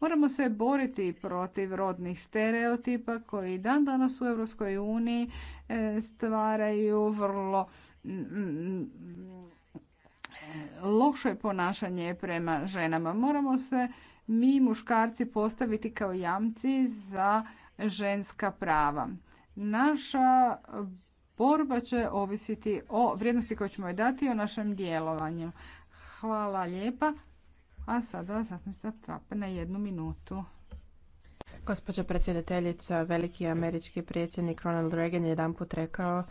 Moramo se boriti protiv rodnih stereotipa koji dan danas u Europskoj uniji e, stvaraju vrlo loše ponašanje prema ženama. Moramo se mi muškarci postaviti kao jamci za ženska prava. Naša borba će ovisiti o vrijednosti koju ćemo joj dati i o našem djelovanju. Hvala lijepa. A sada zastupnica Trape na jednu minutu. Gospođa predsjedateljica, veliki američki predsjednik Ronald Reagan je jedanput rekao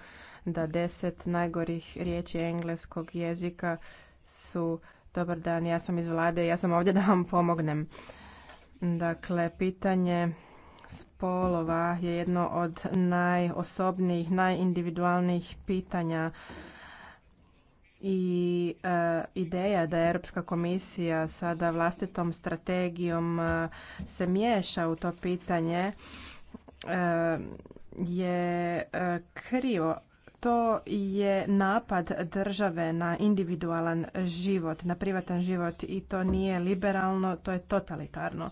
da deset najgorih riječi engleskog jezika su dobar dan, ja sam iz vlade, ja sam ovdje da vam pomognem. Dakle, pitanje spolova je jedno od najosobnijih, najindividualnijih pitanja i e, ideja da Europska komisija sada vlastitom strategijom e, se miješa u to pitanje e, je krivo. To je napad države na individualan život, na privatan život i to nije liberalno, to je totalitarno.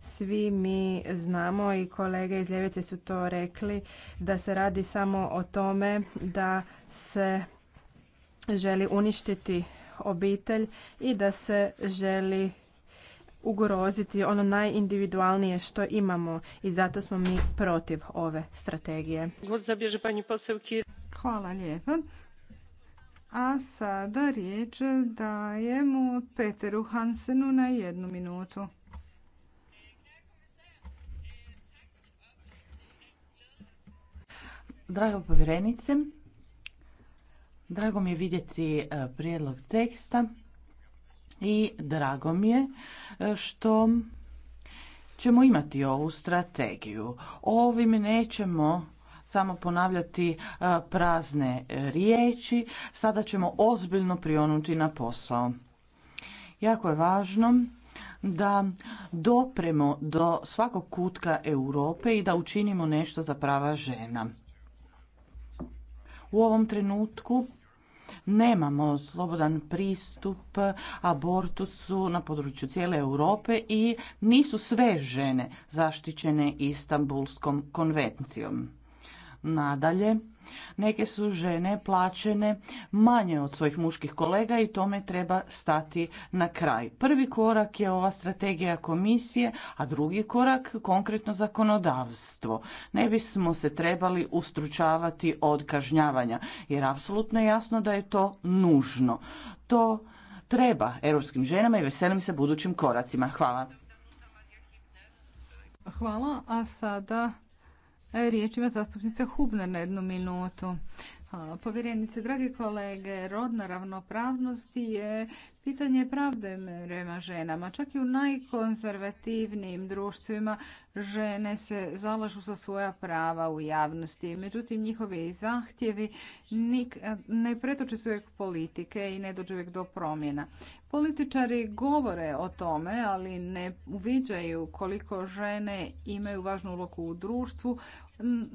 Svi mi znamo i kolege iz ljevice su to rekli da se radi samo o tome da se želi uništiti obitelj i da se želi ugroziti ono najindividualnije što imamo i zato smo mi protiv ove strategije. Hvala lijepa. A sada riječ dajemo Peteru Hansenu na jednu minutu. Draga povjerenice, Drago mi je vidjeti e, prijedlog teksta i drago mi je e, što ćemo imati ovu strategiju. Ovim nećemo samo ponavljati e, prazne riječi, sada ćemo ozbiljno prionuti na posao. Jako je važno da dopremo do svakog kutka Europe i da učinimo nešto za prava žena. U ovom trenutku nemamo slobodan pristup abortusu na području cijele Europe i nisu sve žene zaštićene Istanbulskom konvencijom. Nadalje, Neke su žene plaćene manje od svojih muških kolega i tome treba stati na kraj. Prvi korak je ova strategija komisije, a drugi korak konkretno zakonodavstvo. Ne bismo se trebali ustručavati od kažnjavanja, jer apsolutno je jasno da je to nužno. To treba europskim ženama i veselim se budućim koracima. Hvala. Hvala, a sada Riječ ima zastupnica Hubner na jednu minutu. Povjerenice, dragi kolege, rodna ravnopravnost je pitanje pravde prema ženama. Čak i u najkonzervativnijim društvima žene se zalažu za svoja prava u javnosti. Međutim, njihovi zahtjevi ne pretoče se politike i ne dođe uvijek do promjena. Političari govore o tome, ali ne uviđaju koliko žene imaju važnu ulogu u društvu,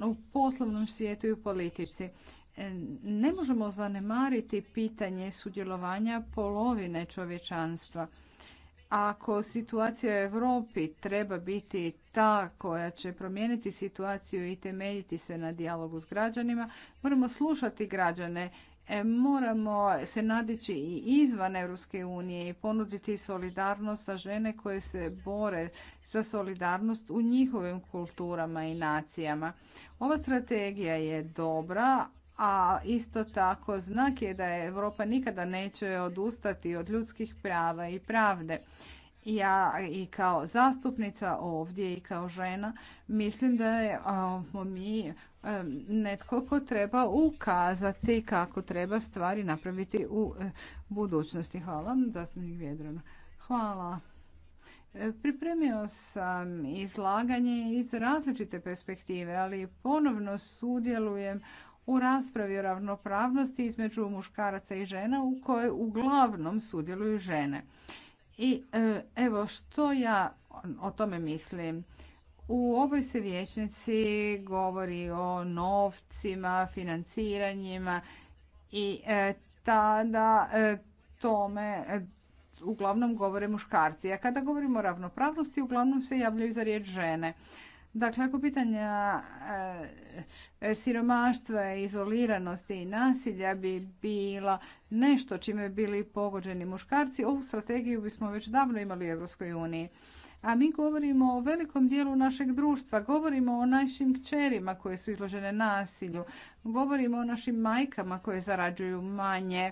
u poslovnom svijetu i u politici. E, ne možemo zanemariti pitanje sudjelovanja polovine čovječanstva. Ako situacija u Europi treba biti ta koja će promijeniti situaciju i temeljiti se na dijalogu s građanima, moramo slušati građane E, moramo se nadići i izvan Europske unije i ponuditi solidarnost za žene koje se bore za solidarnost u njihovim kulturama i nacijama. Ova strategija je dobra, a isto tako znak je da Europa nikada neće odustati od ljudskih prava i pravde. Ja i kao zastupnica ovdje i kao žena mislim da je, mi netko ko treba ukazati kako treba stvari napraviti u e, budućnosti. Hvala, zastupnik Hvala. E, pripremio sam izlaganje iz različite perspektive, ali ponovno sudjelujem u raspravi o ravnopravnosti između muškaraca i žena u kojoj uglavnom sudjeluju žene. I e, evo što ja o tome mislim. U ovoj se vječnici govori o novcima, financiranjima i e, tada e, tome e, uglavnom govore muškarci. A kada govorimo o ravnopravnosti, uglavnom se javljaju za riječ žene. Dakle, ako pitanja siromaštva, izoliranosti i nasilja bi bila nešto čime bili pogođeni muškarci, ovu strategiju bismo već davno imali u EU. uniji a mi govorimo o velikom dijelu našeg društva, govorimo o našim kćerima koje su izložene nasilju, govorimo o našim majkama koje zarađuju manje,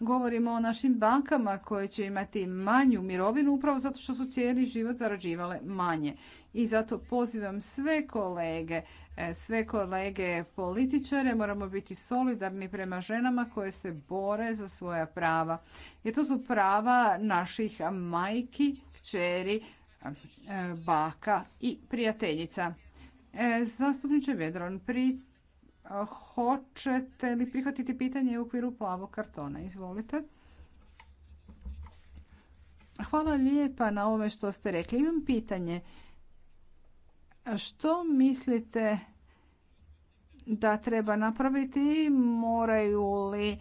govorimo o našim bankama koje će imati manju mirovinu upravo zato što su cijeli život zarađivale manje. I zato pozivam sve kolege, e, sve kolege političare, moramo biti solidarni prema ženama koje se bore za svoja prava. Jer to su prava naših majki, kćeri, baka i prijateljica. E, zastupniče Vedron, e, hoćete li prihvatiti pitanje u okviru plavog kartona? Izvolite. Hvala lijepa na ovome što ste rekli. Imam pitanje. Što mislite da treba napraviti? Moraju li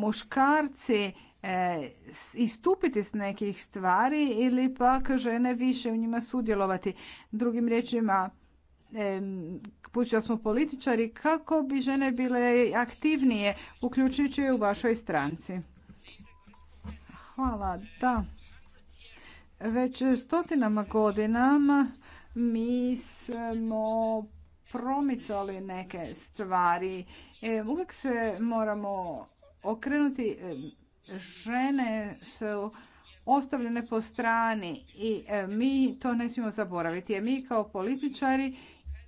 muškarci E, istupiti s nekih stvari ili pak žene više u njima sudjelovati. Drugim riječima, budući da smo političari, kako bi žene bile aktivnije, uključujući u vašoj stranci? Hvala, da. Već stotinama godinama mi smo promicali neke stvari. E, uvijek se moramo okrenuti žene su ostavljene po strani i e, mi to ne smijemo zaboraviti. Jer mi kao političari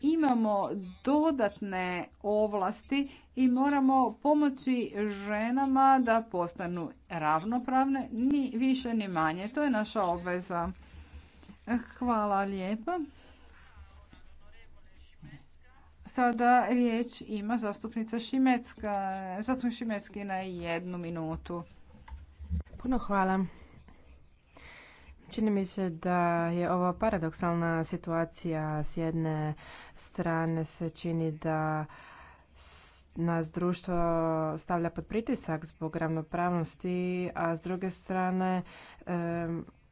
imamo dodatne ovlasti i moramo pomoći ženama da postanu ravnopravne, ni više ni manje. To je naša obveza. Hvala lijepa. Sada riječ ima zastupnica Šimecka. Zastupnik Šimecki na jednu minutu. Puno hvala. Čini mi se da je ovo paradoksalna situacija. S jedne strane se čini da nas društvo stavlja pod pritisak zbog ravnopravnosti, a s druge strane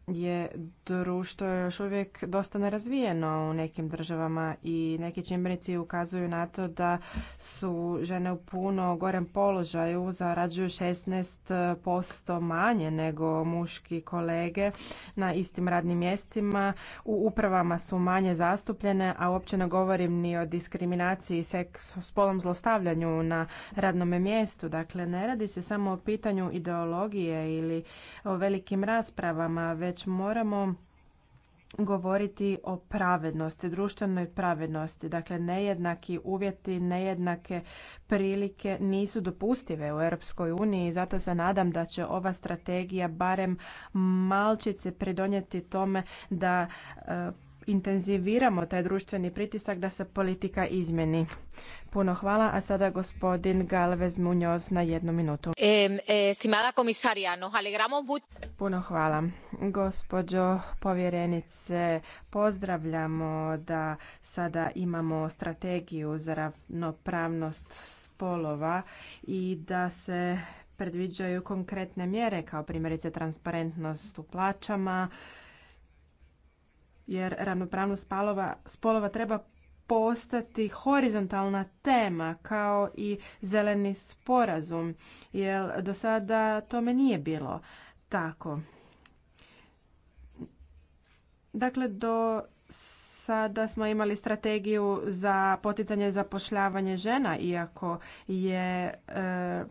je društvo još uvijek dosta nerazvijeno u nekim državama i neki čimbenici ukazuju na to da su žene u puno gorem položaju, zarađuju 16% manje nego muški kolege na istim radnim mjestima, u upravama su manje zastupljene, a uopće ne govorim ni o diskriminaciji s spolom zlostavljanju na radnom mjestu. Dakle, ne radi se samo o pitanju ideologije ili o velikim raspravama, već moramo govoriti o pravednosti, društvenoj pravednosti. Dakle, nejednaki uvjeti, nejednake prilike nisu dopustive u Europskoj uniji i zato se nadam da će ova strategija barem malčice pridonijeti tome da e, intenziviramo taj društveni pritisak da se politika izmjeni. Puno hvala, a sada gospodin Galvez Munoz na jednu minutu. Eh, estimada komisarija, nos alegramos Puno hvala. Gospođo povjerenice, pozdravljamo da sada imamo strategiju za ravnopravnost spolova i da se predviđaju konkretne mjere kao primjerice transparentnost u plaćama, jer ravnopravnost spalova, spolova treba postati horizontalna tema kao i zeleni sporazum, jer do sada tome nije bilo tako. Dakle, do sada smo imali strategiju za poticanje zapošljavanje žena, iako je e,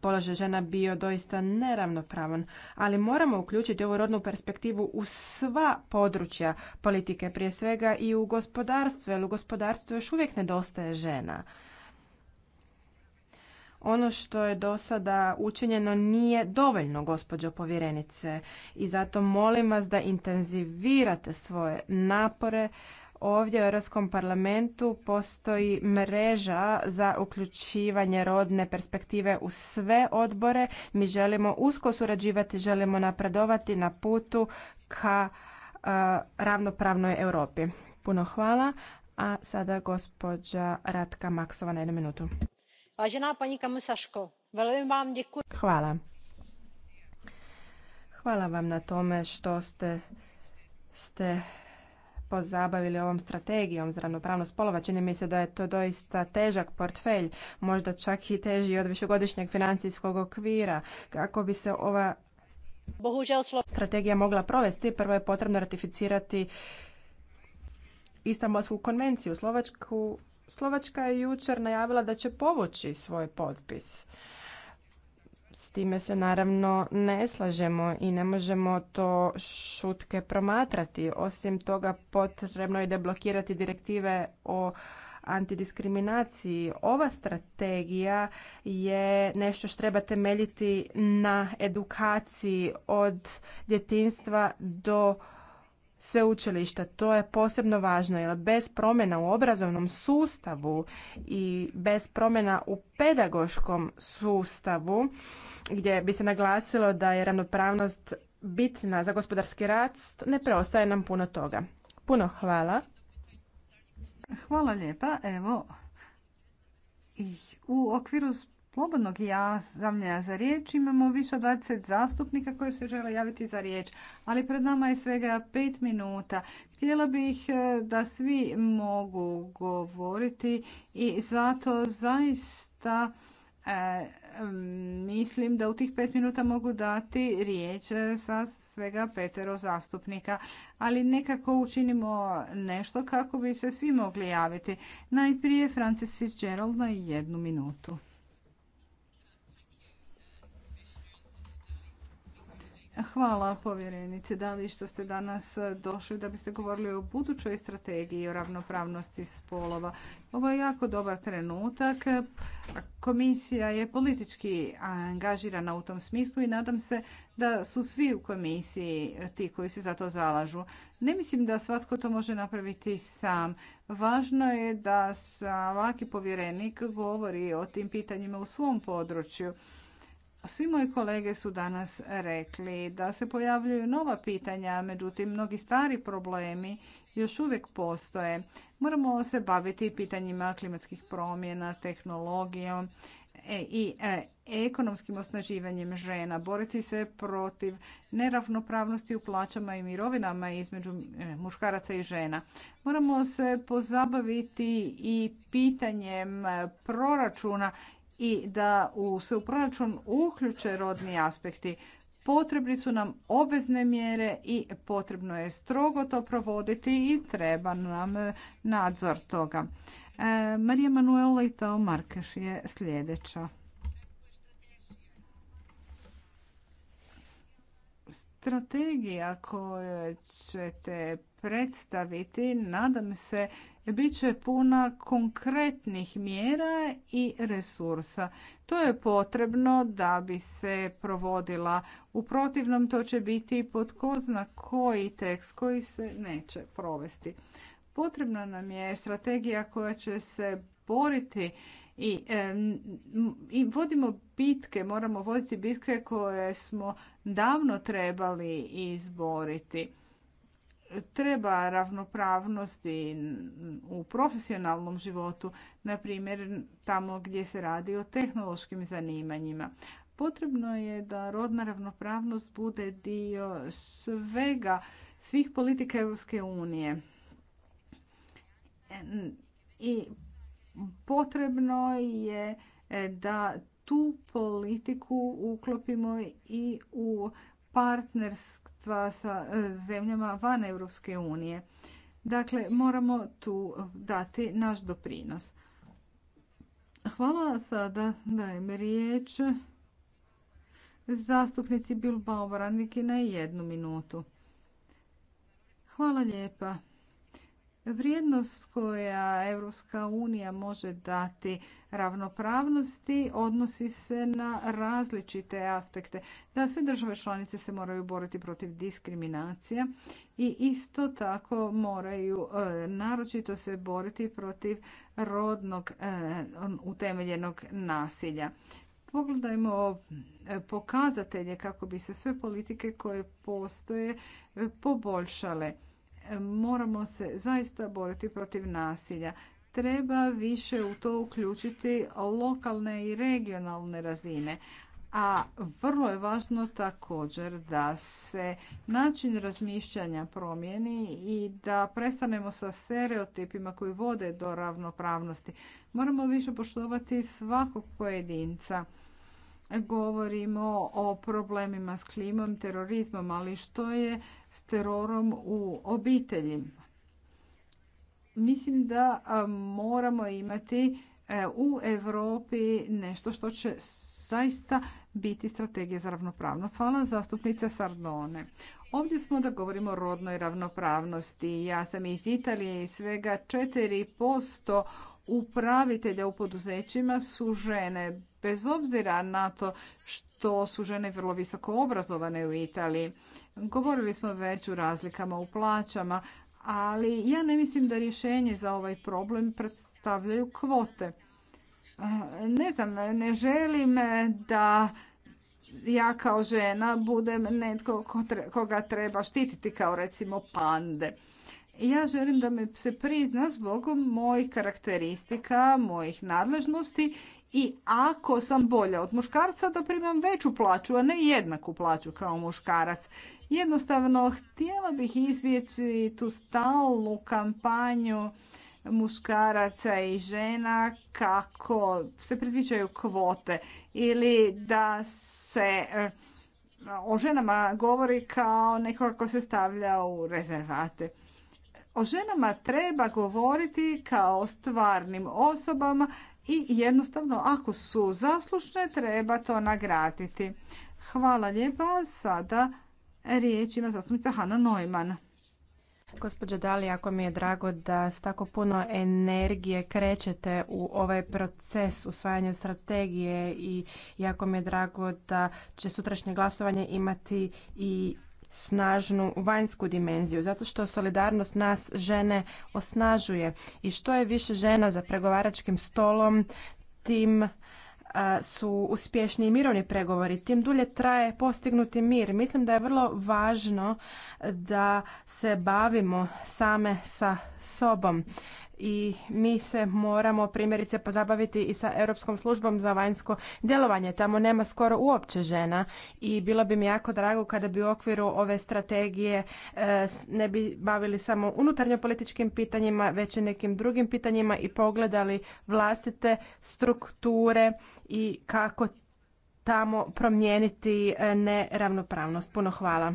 položaj žena bio doista neravnopravan, ali moramo uključiti ovu rodnu perspektivu u sva područja politike, prije svega i u gospodarstvu, jer u gospodarstvu još uvijek nedostaje žena. Ono što je do sada učinjeno nije dovoljno, gospođo povjerenice, i zato molim vas da intenzivirate svoje napore Ovdje u Europskom parlamentu postoji mreža za uključivanje rodne perspektive u sve odbore. Mi želimo usko surađivati, želimo napredovati na putu ka e, ravnopravnoj Europi. Puno hvala. A sada gospođa Ratka Maksova na jednu minutu. Važena pani Kamusaško, velim vam Hvala. Hvala vam na tome što ste, ste pozabavili ovom strategijom za ravnopravnost spolova. Čini mi se da je to doista težak portfelj, možda čak i teži od višegodišnjeg financijskog okvira. Kako bi se ova strategija mogla provesti, prvo je potrebno ratificirati Istanbulsku konvenciju. Slovačka je jučer najavila da će povući svoj potpis. S time se naravno ne slažemo i ne možemo to šutke promatrati. Osim toga potrebno je deblokirati direktive o antidiskriminaciji. Ova strategija je nešto što treba temeljiti na edukaciji od djetinstva do sveučilišta. To je posebno važno jer bez promjena u obrazovnom sustavu i bez promjena u pedagoškom sustavu gdje bi se naglasilo da je ravnopravnost bitna za gospodarski rast, ne preostaje nam puno toga. Puno hvala. Hvala lijepa. Evo, u okviru slobodnog javljanja za riječ imamo više od 20 zastupnika koji se žele javiti za riječ, ali pred nama je svega 5 minuta. Htjela bih e, da svi mogu govoriti i zato zaista e, mislim da u tih pet minuta mogu dati riječ sa svega petero zastupnika, ali nekako učinimo nešto kako bi se svi mogli javiti. Najprije Francis Fitzgerald na jednu minutu. Hvala povjerenice Dali što ste danas e, došli da biste govorili o budućoj strategiji o ravnopravnosti spolova. Ovo je jako dobar trenutak. Komisija je politički angažirana u tom smislu i nadam se da su svi u komisiji ti koji se za to zalažu. Ne mislim da svatko to može napraviti sam. Važno je da svaki povjerenik govori o tim pitanjima u svom području. Svi moji kolege su danas rekli da se pojavljuju nova pitanja, međutim mnogi stari problemi još uvijek postoje. Moramo se baviti pitanjima klimatskih promjena, tehnologijom e, i e, ekonomskim osnaživanjem žena, boriti se protiv neravnopravnosti u plaćama i mirovinama između e, muškaraca i žena. Moramo se pozabaviti i pitanjem proračuna i da u, se u proračun uključe rodni aspekti. Potrebni su nam obvezne mjere i potrebno je strogo to provoditi i treba nam e, nadzor toga. E, Marija Manuela Itao Markeš je sljedeća. strategija koju ćete predstaviti, nadam se, bit će puna konkretnih mjera i resursa. To je potrebno da bi se provodila. U protivnom to će biti pod ko zna koji tekst koji se neće provesti. Potrebna nam je strategija koja će se boriti i, I vodimo bitke, moramo voditi bitke koje smo davno trebali izboriti. Treba ravnopravnosti u profesionalnom životu, na primjer tamo gdje se radi o tehnološkim zanimanjima. Potrebno je da rodna ravnopravnost bude dio svega, svih politika Europske unije. I potrebno je e, da tu politiku uklopimo i u partnerstva sa e, zemljama van Europske unije. Dakle, moramo tu dati naš doprinos. Hvala sada dajem riječ zastupnici Bilbao Varandiki na jednu minutu. Hvala lijepa. Vrijednost koja Europska unija može dati ravnopravnosti odnosi se na različite aspekte. Da sve države članice se moraju boriti protiv diskriminacija i isto tako moraju e, naročito se boriti protiv rodnog e, utemeljenog nasilja. Pogledajmo e, pokazatelje kako bi se sve politike koje postoje poboljšale moramo se zaista boriti protiv nasilja. Treba više u to uključiti lokalne i regionalne razine. A vrlo je važno također da se način razmišljanja promijeni i da prestanemo sa stereotipima koji vode do ravnopravnosti. Moramo više poštovati svakog pojedinca govorimo o problemima s klimom, terorizmom, ali što je s terorom u obitelji? Mislim da moramo imati e, u Europi nešto što će zaista biti strategija za ravnopravnost. Hvala zastupnice Sardone. Ovdje smo da govorimo o rodnoj ravnopravnosti. Ja sam iz Italije i svega 4% upravitelja u poduzećima su žene, bez obzira na to što su žene vrlo visoko obrazovane u Italiji. Govorili smo već o razlikama u plaćama, ali ja ne mislim da rješenje za ovaj problem predstavljaju kvote. Ne znam, ne želim da ja kao žena budem netko koga treba štititi kao recimo pande ja želim da mi se prizna zbog mojih karakteristika, mojih nadležnosti i ako sam bolja od muškarca da primam veću plaću, a ne jednaku plaću kao muškarac. Jednostavno, htjela bih izbjeći tu stalnu kampanju muškaraca i žena kako se predviđaju kvote ili da se eh, o ženama govori kao neko se stavlja u rezervate. O ženama treba govoriti kao stvarnim osobama i jednostavno ako su zaslušne treba to nagraditi. Hvala lijepa. Sada riječ ima zastupnica Hanna Neumann. Gospođa Dali, jako mi je drago da s tako puno energije krećete u ovaj proces usvajanja strategije i jako mi je drago da će sutrašnje glasovanje imati i snažnu vanjsku dimenziju zato što solidarnost nas žene osnažuje i što je više žena za pregovaračkim stolom tim su uspješni mirovni pregovori, tim dulje traje postignuti mir. Mislim da je vrlo važno da se bavimo same sa sobom i mi se moramo primjerice pozabaviti i sa Europskom službom za vanjsko djelovanje. Tamo nema skoro uopće žena i bilo bi mi jako drago kada bi u okviru ove strategije e, ne bi bavili samo unutarnjopolitičkim pitanjima, već i nekim drugim pitanjima i pogledali vlastite strukture i kako tamo promijeniti e, neravnopravnost. Puno hvala.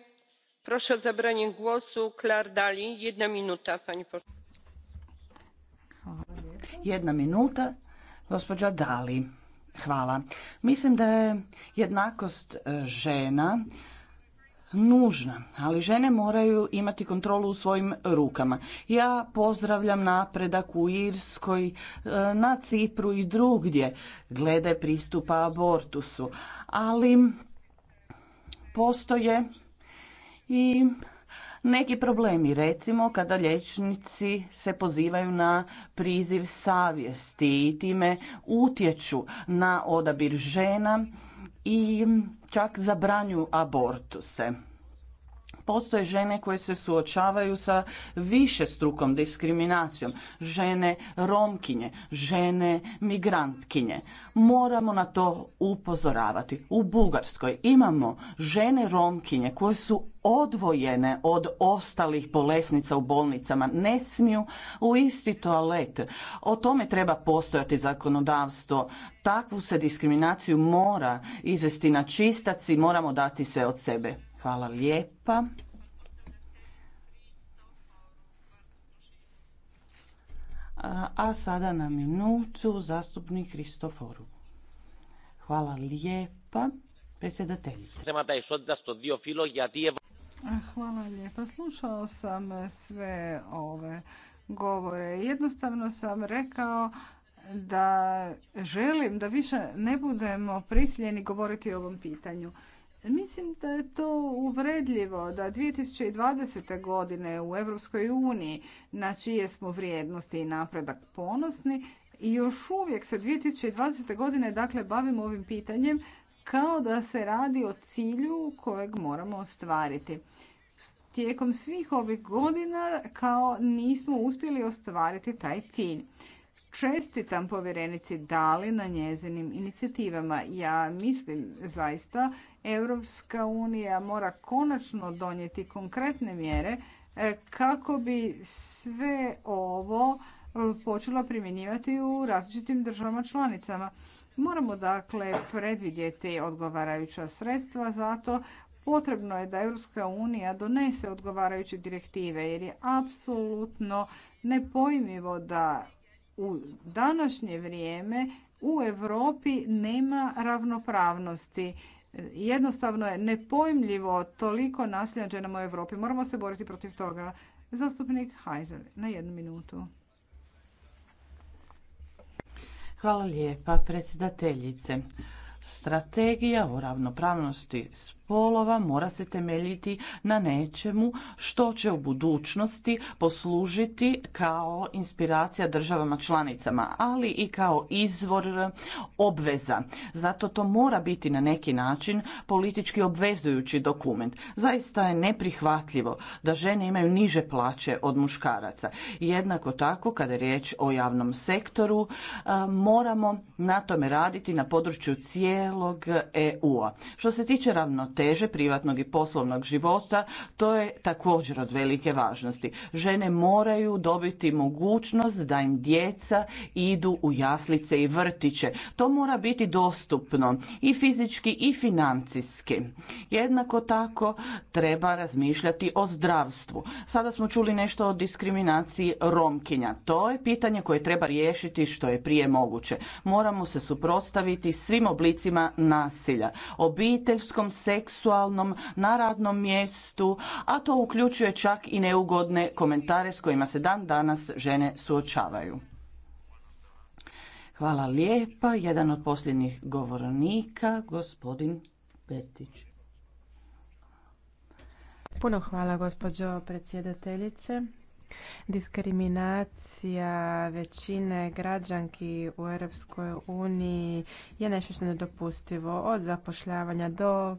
Proszę o Klar Jedna minuta, Jedna minuta, gospođa Dali. Hvala. Mislim da je jednakost e, žena nužna, ali žene moraju imati kontrolu u svojim rukama. Ja pozdravljam napredak u Irskoj, e, na Cipru i drugdje glede pristupa abortusu, ali postoje i neki problemi, recimo kada liječnici se pozivaju na priziv savjesti i time utječu na odabir žena i čak zabranju abortuse postoje žene koje se suočavaju sa više strukom diskriminacijom, žene romkinje, žene migrantkinje. Moramo na to upozoravati. U Bugarskoj imamo žene romkinje koje su odvojene od ostalih bolesnica u bolnicama, ne smiju u isti toalet. O tome treba postojati zakonodavstvo. Takvu se diskriminaciju mora izvesti na čistac i moramo dati sve od sebe. Hvala lijepa. A sada na minutu zastupnik Kristoforu. Hvala lijepa, predsjedateljice. Hvala lijepa. Slušao sam sve ove govore. Jednostavno sam rekao da želim da više ne budemo prisiljeni govoriti o ovom pitanju. Mislim da je to uvredljivo da 2020. godine u Europskoj uniji na čije smo vrijednosti i napredak ponosni i još uvijek se 2020. godine dakle bavimo ovim pitanjem kao da se radi o cilju kojeg moramo ostvariti. Tijekom svih ovih godina kao nismo uspjeli ostvariti taj cilj čestitam povjerenici Dali na njezinim inicijativama. Ja mislim zaista Europska unija mora konačno donijeti konkretne mjere e, kako bi sve ovo e, počelo primjenjivati u različitim državama članicama. Moramo dakle predvidjeti odgovarajuća sredstva, zato potrebno je da Europska unija donese odgovarajuće direktive jer je apsolutno nepojmivo da u današnje vrijeme u Europi nema ravnopravnosti. Jednostavno je nepojmljivo toliko nasilja u Europi. Moramo se boriti protiv toga. Zastupnik Hajzer, na jednu minutu. Hvala lijepa, predsjedateljice. Strategija o ravnopravnosti spolova mora se temeljiti na nečemu što će u budućnosti poslužiti kao inspiracija državama članicama, ali i kao izvor obveza. Zato to mora biti na neki način politički obvezujući dokument. Zaista je neprihvatljivo da žene imaju niže plaće od muškaraca. Jednako tako, kada je riječ o javnom sektoru, moramo na tome raditi na području cijelog EU-a. Što se tiče ravnoteže privatnog i poslovnog života, to je također od velike važnosti. Žene moraju dobiti mogućnost da im djeca idu u jaslice i vrtiće. To mora biti dostupno i fizički i financijski. Jednako tako treba razmišljati o zdravstvu. Sada smo čuli nešto o diskriminaciji Romkinja. To je pitanje koje treba riješiti što je prije moguće. Moramo se suprotstaviti svim oblicima oblicima nasilja, obiteljskom, seksualnom, na radnom mjestu, a to uključuje čak i neugodne komentare s kojima se dan danas žene suočavaju. Hvala lijepa. Jedan od posljednjih govornika, gospodin Petić. Puno hvala gospođo predsjedateljice. Diskriminacija većine građanki u Europskoj uniji je nešto što je nedopustivo od zapošljavanja do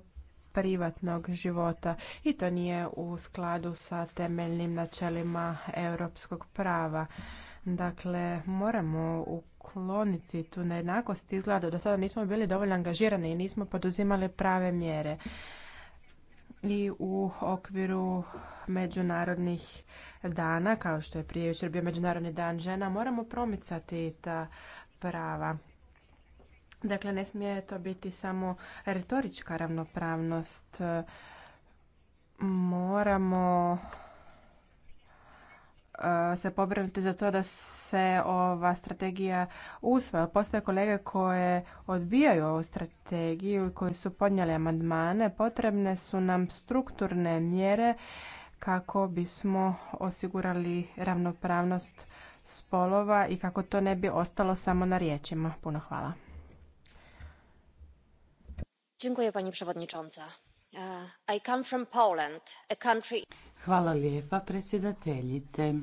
privatnog života i to nije u skladu sa temeljnim načelima europskog prava. Dakle, moramo ukloniti tu nejednakost izgleda do sada nismo bili dovoljno angažirani i nismo poduzimali prave mjere. I u okviru međunarodnih dana, kao što je prije jučer bio Međunarodni dan žena, moramo promicati ta prava. Dakle, ne smije to biti samo retorička ravnopravnost. Moramo e, se pobrinuti za to da se ova strategija usvaja. Postoje kolege koje odbijaju ovu strategiju i koji su podnijeli amandmane. Potrebne su nam strukturne mjere kako bismo osigurali ravnopravnost spolova i kako to ne bi ostalo samo na riječima. Puno hvala. Dziękuję pani przewodnicząca. E, I come from Poland, a Hvala lijepa predsjedateljice.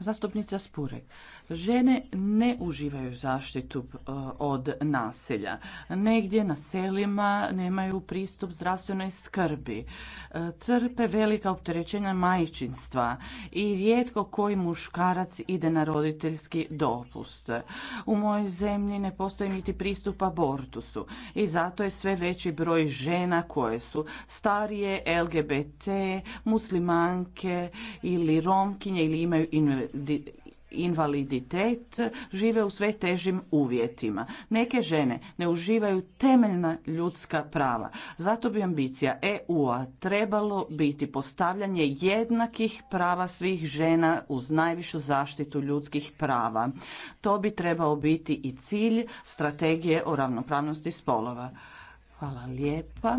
Zastupnica Spurek. Žene ne uživaju zaštitu e, od naselja. Negdje na selima nemaju pristup zdravstvenoj skrbi. E, Trpe velika opterećenja majčinstva i rijetko koji muškarac ide na roditeljski dopust. U mojoj zemlji ne postoji niti pristup abortusu i zato je sve veći broj žena koje su starije, LGBT, muslimanke ili romkinje ili imaju invaliditet žive u sve težim uvjetima. Neke žene ne uživaju temeljna ljudska prava. Zato bi ambicija EU-a trebalo biti postavljanje jednakih prava svih žena uz najvišu zaštitu ljudskih prava. To bi trebao biti i cilj strategije o ravnopravnosti spolova. Hvala lijepa.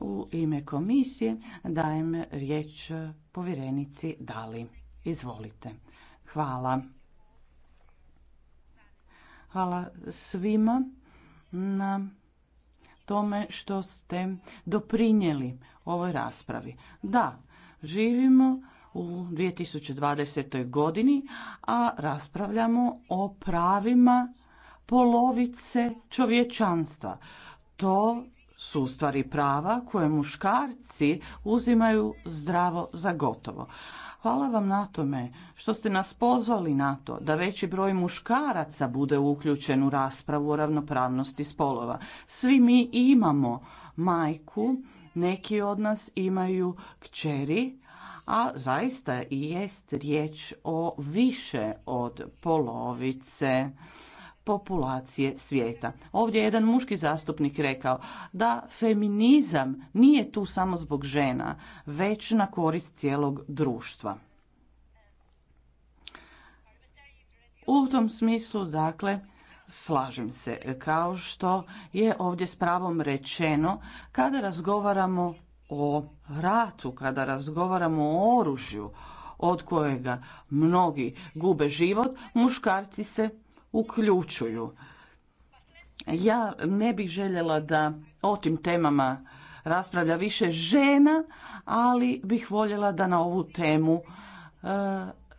U ime komisije dajem riječ povjerenici Dali. Izvolite. Hvala. Hvala svima na tome što ste doprinijeli ovoj raspravi. Da, živimo u 2020. godini, a raspravljamo o pravima polovice čovječanstva. To su u stvari prava koje muškarci uzimaju zdravo za gotovo. Hvala vam na tome što ste nas pozvali na to da veći broj muškaraca bude uključen u raspravu o ravnopravnosti spolova. Svi mi imamo majku, neki od nas imaju kćeri, a zaista i jest riječ o više od polovice populacije svijeta. Ovdje je jedan muški zastupnik rekao da feminizam nije tu samo zbog žena, već na korist cijelog društva. U tom smislu, dakle, slažem se, kao što je ovdje s pravom rečeno, kada razgovaramo o ratu, kada razgovaramo o oružju, od kojega mnogi gube život, muškarci se uključuju. Ja ne bih željela da o tim temama raspravlja više žena, ali bih voljela da na ovu temu e,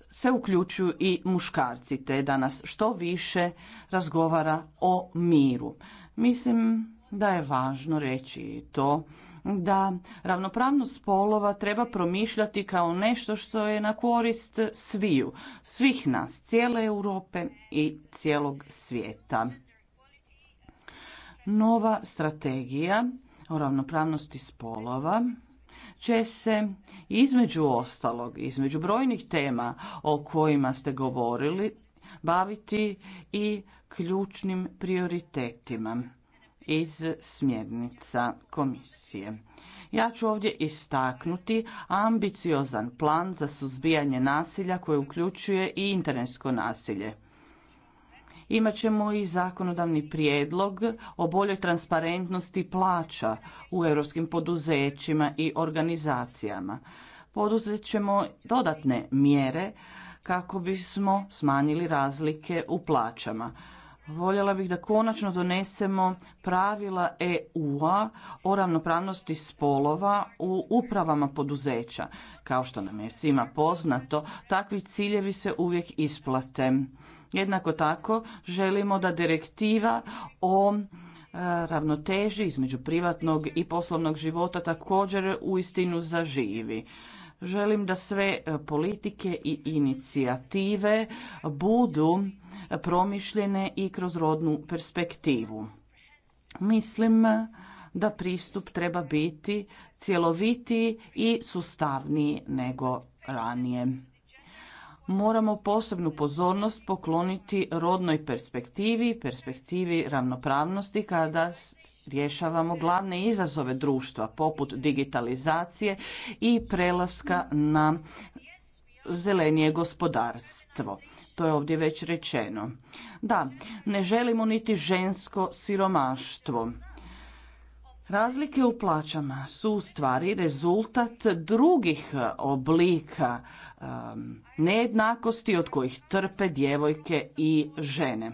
se uključuju i muškarci, te da nas što više razgovara o miru. Mislim da je važno reći to da ravnopravnost spolova treba promišljati kao nešto što je na korist sviju, svih nas, cijele Europe i cijelog svijeta. Nova strategija o ravnopravnosti spolova će se između ostalog, između brojnih tema o kojima ste govorili, baviti i ključnim prioritetima iz smjernica komisije. Ja ću ovdje istaknuti ambiciozan plan za suzbijanje nasilja koje uključuje i internetsko nasilje. Imaćemo i zakonodavni prijedlog o boljoj transparentnosti plaća u europskim poduzećima i organizacijama. Poduzet ćemo dodatne mjere kako bismo smanjili razlike u plaćama. Voljela bih da konačno donesemo pravila EU-a o ravnopravnosti spolova u upravama poduzeća. Kao što nam je svima poznato, takvi ciljevi se uvijek isplate. Jednako tako želimo da direktiva o e, ravnoteži između privatnog i poslovnog života također uistinu zaživi. Želim da sve e, politike i inicijative budu promišljene i kroz rodnu perspektivu. Mislim da pristup treba biti cjelovitiji i sustavniji nego ranije moramo posebnu pozornost pokloniti rodnoj perspektivi, perspektivi ravnopravnosti kada rješavamo glavne izazove društva poput digitalizacije i prelaska na zelenije gospodarstvo. To je ovdje već rečeno. Da, ne želimo niti žensko siromaštvo Razlike u plaćama su u stvari rezultat drugih e, oblika nejednakosti od kojih trpe djevojke i žene.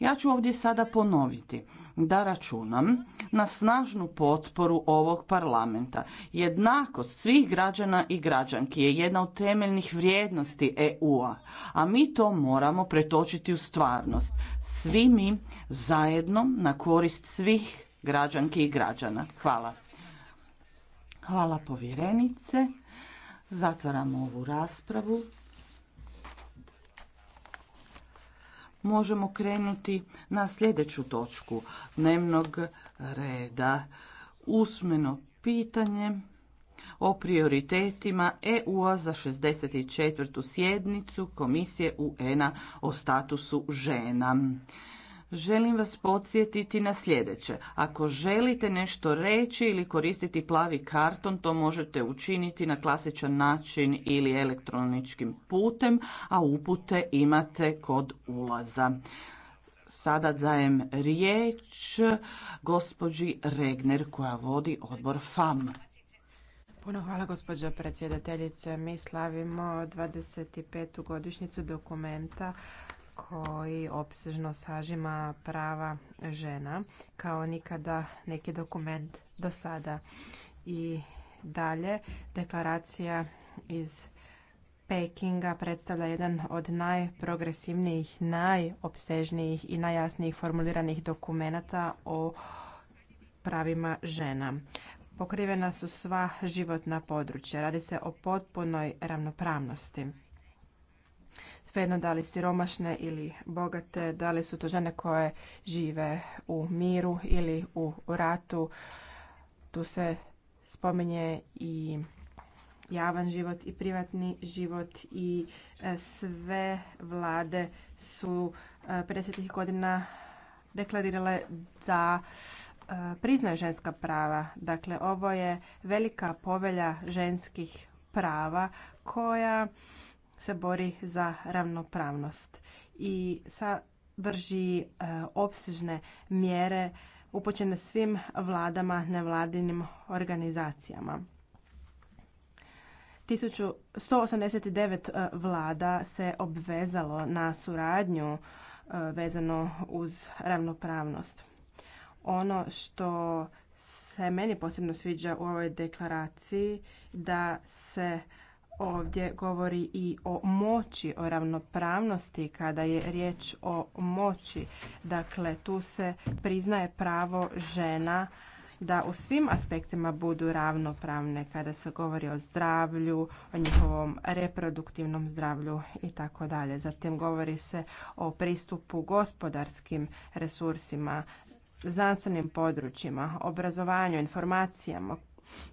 Ja ću ovdje sada ponoviti da računam na snažnu potporu ovog parlamenta. Jednakost svih građana i građanki je jedna od temeljnih vrijednosti EU-a, a mi to moramo pretočiti u stvarnost. Svi mi zajedno na korist svih građanki i građana. Hvala. Hvala povjerenice. Zatvaramo ovu raspravu. Možemo krenuti na sljedeću točku dnevnog reda. Usmeno pitanje o prioritetima EU-a za 64. sjednicu Komisije UN-a o statusu žena želim vas podsjetiti na sljedeće. Ako želite nešto reći ili koristiti plavi karton, to možete učiniti na klasičan način ili elektroničkim putem, a upute imate kod ulaza. Sada dajem riječ gospođi Regner koja vodi odbor FAM. Puno hvala gospođo predsjedateljice. Mi slavimo 25. godišnjicu dokumenta koji opsežno sažima prava žena kao nikada neki dokument do sada. I dalje, deklaracija iz Pekinga predstavlja jedan od najprogresivnijih, najopsežnijih i najjasnijih formuliranih dokumenata o pravima žena. Pokrivena su sva životna područja. Radi se o potpunoj ravnopravnosti svejedno da li siromašne ili bogate, da li su to žene koje žive u miru ili u ratu. Tu se spominje i javan život i privatni život i e, sve vlade su 50. E, godina deklarirale da e, priznaju ženska prava. Dakle, ovo je velika povelja ženskih prava koja se bori za ravnopravnost i sadrži e, opsežne mjere upućene svim vladama, nevladinim organizacijama. 189 e, vlada se obvezalo na suradnju e, vezano uz ravnopravnost. Ono što se meni posebno sviđa u ovoj deklaraciji da se ovdje govori i o moći, o ravnopravnosti kada je riječ o moći. Dakle, tu se priznaje pravo žena da u svim aspektima budu ravnopravne kada se govori o zdravlju, o njihovom reproduktivnom zdravlju i tako dalje. Zatim govori se o pristupu gospodarskim resursima, znanstvenim područjima, obrazovanju, informacijama,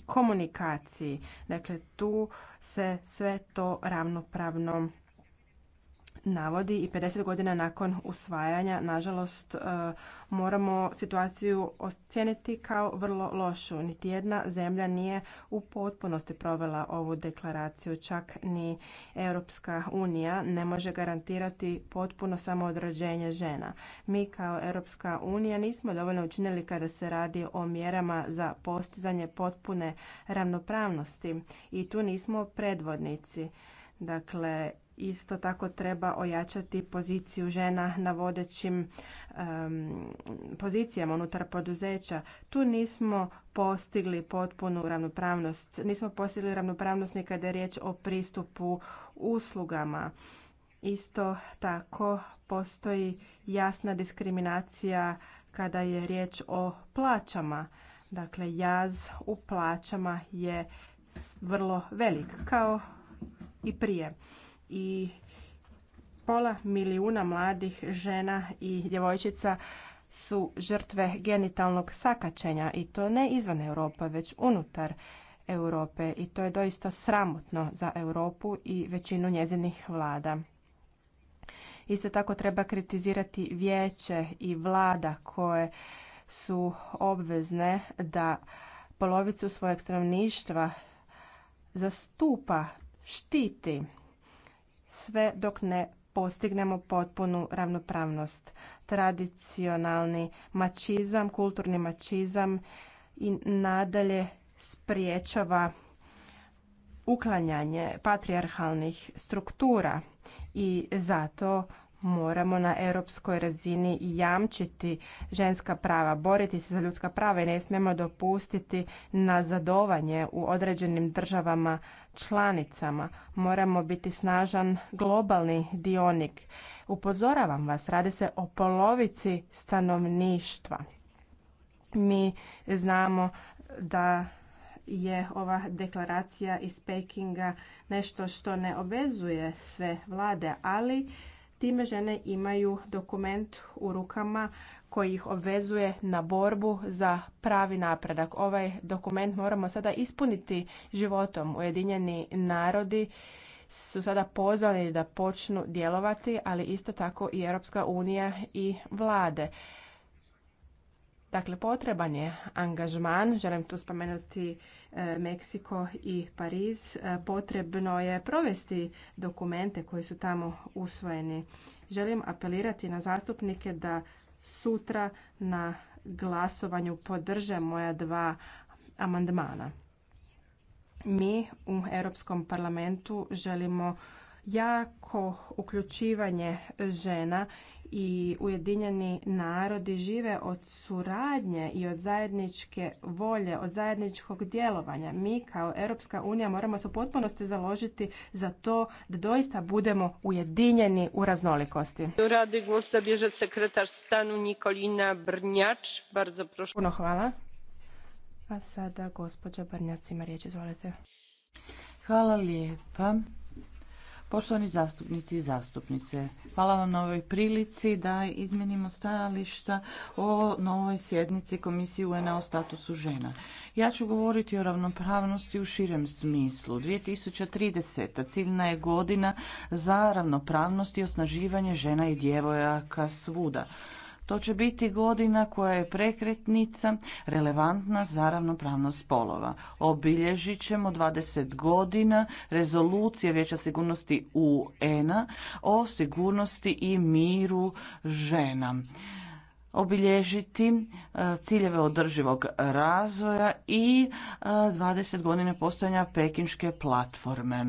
komunikaciji. Dakle, tu se sve to ravnopravno navodi i 50 godina nakon usvajanja, nažalost, e, moramo situaciju ocijeniti kao vrlo lošu. Niti jedna zemlja nije u potpunosti provela ovu deklaraciju, čak ni Europska unija ne može garantirati potpuno samoodrađenje žena. Mi kao Europska unija nismo dovoljno učinili kada se radi o mjerama za postizanje potpune ravnopravnosti i tu nismo predvodnici. Dakle, Isto tako treba ojačati poziciju žena na vodećim pozicijama unutar poduzeća. Tu nismo postigli potpunu ravnopravnost. Nismo postigli ravnopravnost ni kada je riječ o pristupu uslugama. Isto tako postoji jasna diskriminacija kada je riječ o plaćama. Dakle, jaz u plaćama je vrlo velik, kao i prije i pola milijuna mladih žena i djevojčica su žrtve genitalnog sakačenja i to ne izvan Europe, već unutar Europe i to je doista sramotno za Europu i većinu njezinih vlada. Isto tako treba kritizirati vijeće i vlada koje su obvezne da polovicu svojeg stanovništva zastupa, štiti sve dok ne postignemo potpunu ravnopravnost. Tradicionalni mačizam, kulturni mačizam i nadalje spriječava uklanjanje patrijarhalnih struktura i zato moramo na europskoj razini jamčiti ženska prava, boriti se za ljudska prava i ne smijemo dopustiti nazadovanje u određenim državama članicama. Moramo biti snažan globalni dionik. Upozoravam vas, radi se o polovici stanovništva. Mi znamo da je ova deklaracija iz Pekinga nešto što ne obvezuje sve vlade, ali Time žene imaju dokument u rukama koji ih obvezuje na borbu za pravi napredak. Ovaj dokument moramo sada ispuniti životom. Ujedinjeni narodi su sada pozvali da počnu djelovati, ali isto tako i Europska unija i vlade. Dakle, potreban je angažman, želim tu spomenuti e, Meksiko i Pariz. E, potrebno je provesti dokumente koji su tamo usvojeni. Želim apelirati na zastupnike da sutra na glasovanju podrže moja dva amandmana. Mi u Europskom parlamentu želimo jako uključivanje žena i Ujedinjeni narodi žive od suradnje i od zajedničke volje, od zajedničkog djelovanja. Mi kao Europska unija moramo se u potpunosti založiti za to da doista budemo ujedinjeni u raznolikosti. radi głos bježe sekretar stanu Nikolina Brnjač. Bardzo proszę. Puno hvala. A sada gospođa Brnjac ima riječ, izvolite. Hvala lijepa. Poštovani zastupnici i zastupnice, hvala vam na ovoj prilici da izmenimo stajališta o novoj sjednici Komisije una o statusu žena. Ja ću govoriti o ravnopravnosti u širem smislu. 2030. ciljna je godina za ravnopravnost i osnaživanje žena i djevojaka svuda. To će biti godina koja je prekretnica relevantna za ravnopravnost spolova. Obilježit ćemo 20 godina rezolucije Vijeća sigurnosti un o sigurnosti i miru žena obilježiti e, ciljeve održivog razvoja i 20 e, godina postojanja pekinške platforme.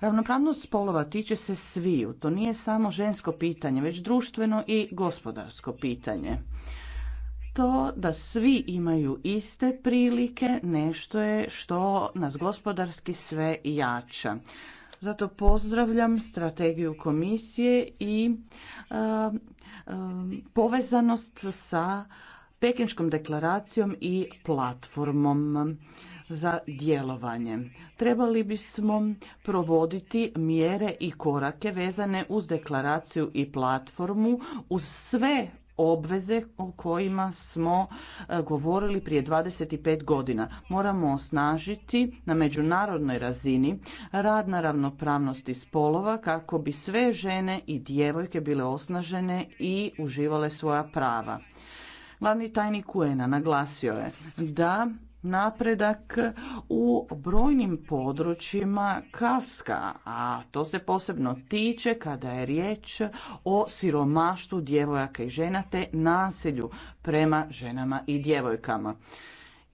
Ravnopravnost spolova tiče se sviju, to nije samo žensko pitanje, već društveno i gospodarsko pitanje. To da svi imaju iste prilike nešto je što nas gospodarski sve jača. Zato pozdravljam strategiju komisije i povezanost sa Pekinškom deklaracijom i platformom za djelovanje. Trebali bismo provoditi mjere i korake vezane uz deklaraciju i platformu uz sve obveze o kojima smo e, govorili prije 25 godina. Moramo osnažiti na međunarodnoj razini rad na ravnopravnosti spolova kako bi sve žene i djevojke bile osnažene i uživale svoja prava. Glavni tajnik UENA naglasio je da napredak u brojnim područjima kaska, a to se posebno tiče kada je riječ o siromaštvu djevojaka i žena te nasilju prema ženama i djevojkama.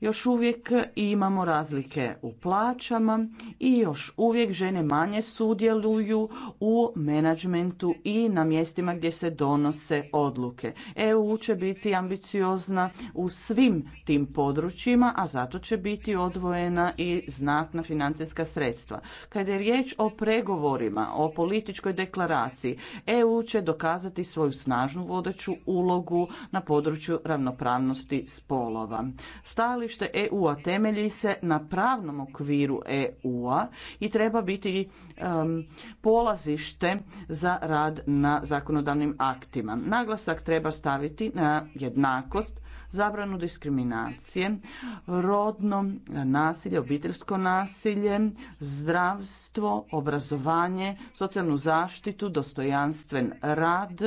Još uvijek imamo razlike u plaćama i još uvijek žene manje sudjeluju u menadžmentu i na mjestima gdje se donose odluke. EU će biti ambiciozna u svim tim područjima, a zato će biti odvojena i znatna financijska sredstva. Kada je riječ o pregovorima, o političkoj deklaraciji, EU će dokazati svoju snažnu vodeću ulogu na području ravnopravnosti spolova. Stali EU-a e temelji se na pravnom okviru EU-a i treba biti polazište za rad na zakonodavnim aktima. Naglasak treba staviti na jednakost, zabranu diskriminacije, rodno nasilje, obiteljsko nasilje, zdravstvo, obrazovanje, socijalnu zaštitu, dostojanstven rad,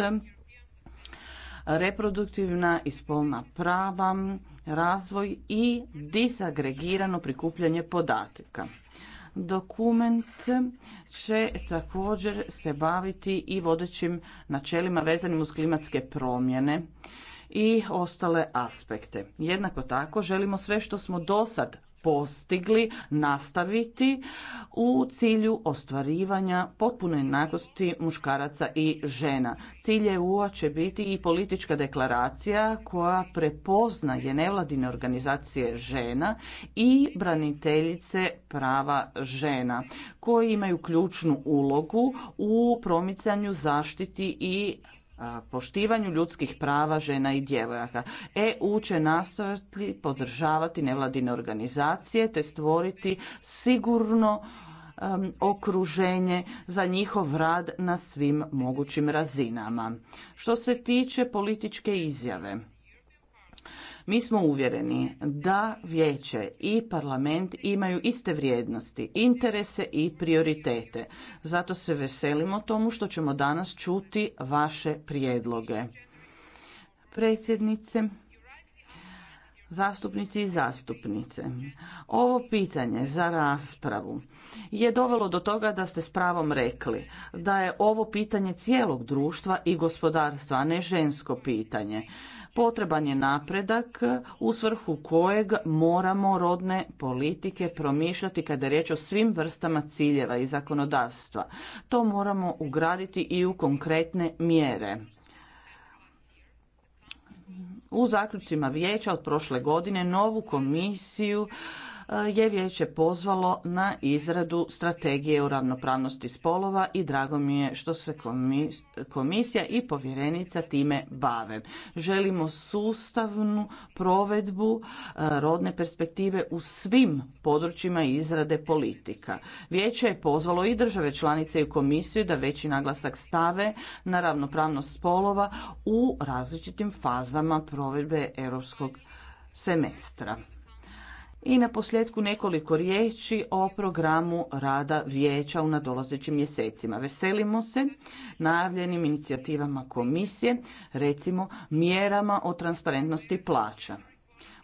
reproduktivna i spolna prava, razvoj i disagregirano prikupljanje podataka. Dokument će također se baviti i vodećim načelima vezanim uz klimatske promjene i ostale aspekte. Jednako tako želimo sve što smo do sad postigli nastaviti u cilju ostvarivanja potpune jednakosti muškaraca i žena. Cilj EU-a će biti i politička deklaracija koja prepoznaje nevladine organizacije žena i braniteljice prava žena koji imaju ključnu ulogu u promicanju zaštiti i poštivanju ljudskih prava žena i djevojaka. EU će nastaviti podržavati nevladine organizacije te stvoriti sigurno okruženje za njihov rad na svim mogućim razinama. Što se tiče političke izjave, mi smo uvjereni da vijeće i parlament imaju iste vrijednosti, interese i prioritete. Zato se veselimo tomu što ćemo danas čuti vaše prijedloge. Predsjednice, zastupnici i zastupnice. Ovo pitanje za raspravu je dovelo do toga da ste s pravom rekli da je ovo pitanje cijelog društva i gospodarstva, a ne žensko pitanje. Potreban je napredak u svrhu kojeg moramo rodne politike promišljati kada je riječ o svim vrstama ciljeva i zakonodavstva. To moramo ugraditi i u konkretne mjere. U zaključcima vijeća od prošle godine novu komisiju je vijeće pozvalo na izradu strategije u ravnopravnosti spolova i drago mi je što se komisija i povjerenica time bave. Želimo sustavnu provedbu e, rodne perspektive u svim područjima izrade politika. Vijeće je pozvalo i države članice i komisiju da veći naglasak stave na ravnopravnost spolova u različitim fazama provedbe europskog semestra. I na posljedku nekoliko riječi o programu rada vijeća u nadolazećim mjesecima. Veselimo se najavljenim inicijativama komisije, recimo mjerama o transparentnosti plaća.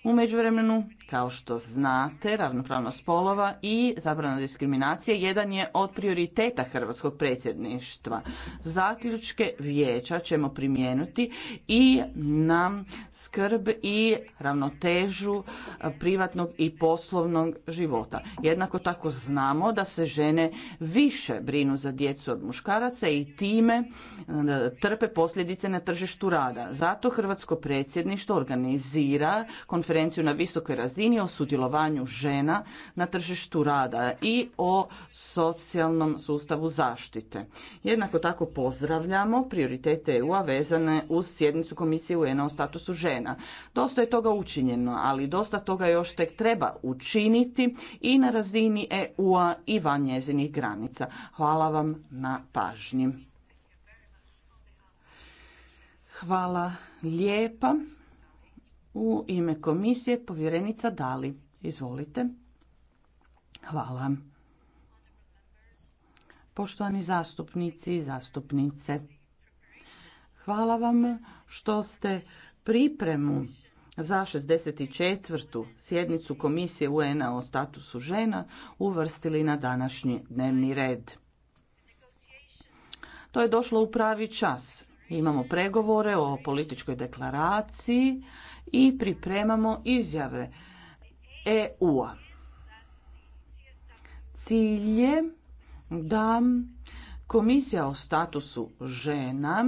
U međuvremenu kao što znate, ravnopravnost spolova i zabrana diskriminacije jedan je od prioriteta Hrvatskog predsjedništva. Zaključke vijeća ćemo primijenuti i na skrb i ravnotežu privatnog i poslovnog života. Jednako tako znamo da se žene više brinu za djecu od muškaraca i time trpe posljedice na tržištu rada. Zato Hrvatsko predsjedništvo organizira konferenciju na visokoj razini razini o sudjelovanju žena na tržištu rada i o socijalnom sustavu zaštite. Jednako tako pozdravljamo prioritete EU-a vezane uz sjednicu Komisije UN-a o statusu žena. Dosta je toga učinjeno, ali dosta toga još tek treba učiniti i na razini EU-a i van njezinih granica. Hvala vam na pažnji. Hvala lijepa. U ime komisije povjerenica Dali. Izvolite. Hvala. Poštovani zastupnici i zastupnice, hvala vam što ste pripremu za 64. sjednicu Komisije UN-a o statusu žena uvrstili na današnji dnevni red. To je došlo u pravi čas. Imamo pregovore o političkoj deklaraciji i pripremamo izjave EU-a. Cilj je da komisija o statusu žena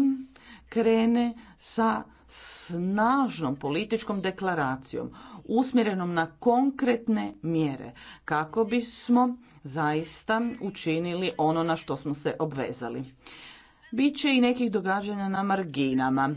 krene sa snažnom političkom deklaracijom usmjerenom na konkretne mjere kako bismo zaista učinili ono na što smo se obvezali. Biće i nekih događanja na marginama.